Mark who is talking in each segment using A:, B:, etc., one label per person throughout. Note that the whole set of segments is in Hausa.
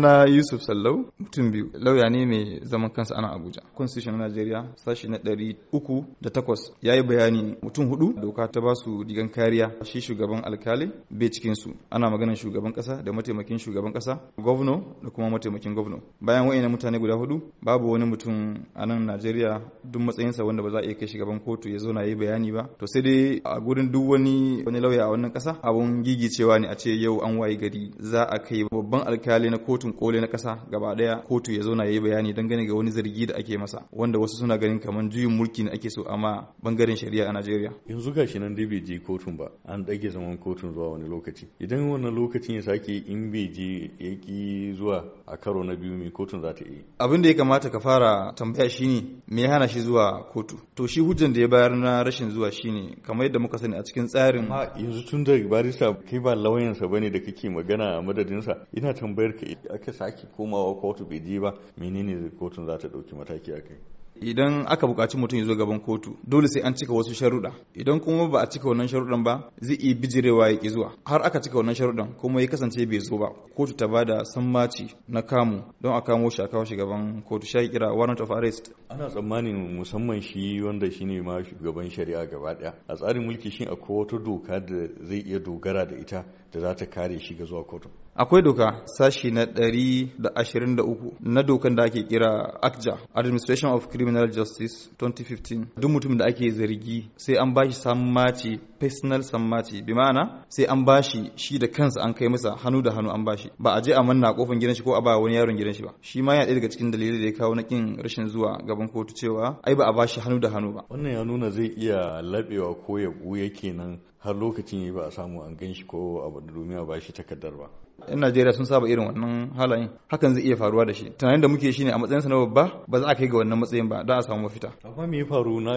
A: na yusuf sallau mutum biyu lauya ne mai zaman kansa ana abuja constitution na najeriya sashi na ɗari uku da takwas ya yi bayani mutum hudu doka ta ba su digan kariya shi shugaban alkali bai cikin su ana maganar shugaban kasa da mataimakin shugaban kasa gwamna da kuma mataimakin gwamna. bayan wa'ina mutane guda hudu babu wani mutum a nan najeriya duk matsayinsa wanda ba za a iya kai shugaban kotu ya zauna ya yi bayani ba to sai dai a gurin duk wani wani lauya a wannan kasa abun gigicewa ne a ce yau an wayi gari za a kai babban alkali na kotun koli na kasa gaba daya kotu ya zauna yayi bayani dangane ga wani zargi da ake masa wanda wasu suna ganin kamar juyin mulki ne ake so amma bangaren shari'a a Najeriya yanzu gashi nan dai bai je kotun ba
B: an dage zaman kotun zuwa wani lokaci idan wannan lokacin ya sake in bai je yaki zuwa a karo na biyu mai kotun za ta yi
A: abin da ya kamata ka fara tambaya shine me ya hana shi zuwa kotu to shi hujjan da ya bayar na rashin zuwa shine kamar yadda muka sani a cikin tsarin
B: yanzu tun da barista kai ba lauyansa bane da kake magana a madadinsa ina tambayar ka aka sake komawa kotu bai je ba menene kotun za ta ɗauki mataki a kai
A: idan aka bukaci mutum ya zo gaban kotu dole sai an cika wasu sharuɗa idan kuma ba a cika wannan sharuɗan ba zai iya bijirewa ya ki zuwa har aka cika wannan sharuɗan kuma ya kasance bai zo ba kotu ta bada sammaci na kamu don a kamo shi a kawo shi gaban kotu shi kira warrant of arrest ana tsammanin
B: musamman shi wanda shine ma shugaban shari'a gaba ɗaya a tsarin mulki shin akwai wata doka da zai iya dogara da ita da za ta kare shi ga zuwa kotu
A: akwai doka sashi na 123 na dokan da ake kira akja administration of criminal justice 2015 duk mutum da ake zargi sai an bashi samun mace personal sammati bi ma'ana sai an bashi shi da kansa an kai masa hannu da hannu an bashi ba a je a manna kofin gidan shi ko a ba wani yaron gidan shi ba shi ma ya ɗaya daga cikin dalilai da ya kawo na kin rashin zuwa gaban kotu cewa ai ba a bashi hannu da hannu ba wannan ya nuna zai iya labewa ko ya buya kenan har
B: lokacin ya ba a samu an gan ko abu da domin a bashi takardar ba
A: 'yan Najeriya sun saba irin wannan halayen hakan zai iya faruwa da shi tunanin da muke shine a matsayin sa na babba ba za a kai ga wannan matsayin ba da a samu mafita
B: amma me ya faru na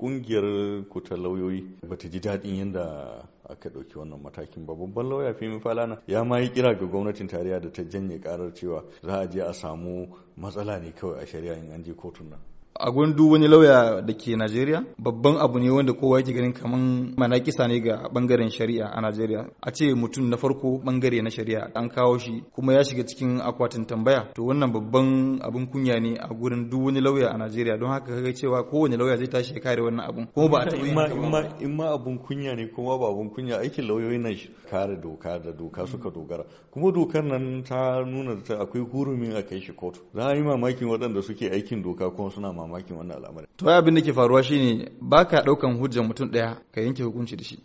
B: kungiyar ku ta lauyoyi ji daɗin yadda aka ɗauki wannan matakin ba babban lauya fi falana ya ma yi kira ga gwamnatin tarayya da ta janye karar cewa za a je a samu matsala ne kawai a shari'a in an je kotun nan
A: a gundu wani lauya da ke Najeriya babban abu ne wanda kowa yake ganin kaman kisa ne ga bangaren shari'a a Najeriya a ce mutum na farko bangare na shari'a an kawo shi kuma ya shiga cikin akwatin tambaya to wannan babban abin kunya ne a gurin duk wani lauya a Najeriya don haka kaga cewa kowane lauya zai tashi ya kare wannan abun kuma ba a taɓa yin
B: in ma abun kunya ne kuma ba abun kunya aikin lauyoyi na kare doka da doka suka dogara
A: kuma dokar nan ta
B: nuna akwai hurumin a kai shi kotu za a yi mamakin waɗanda suke aikin doka kuma suna mamakin mamakin wannan al'amari
A: to abin da ke faruwa shine baka ɗaukan hujjar mutum ɗaya ka yanke hukunci da shi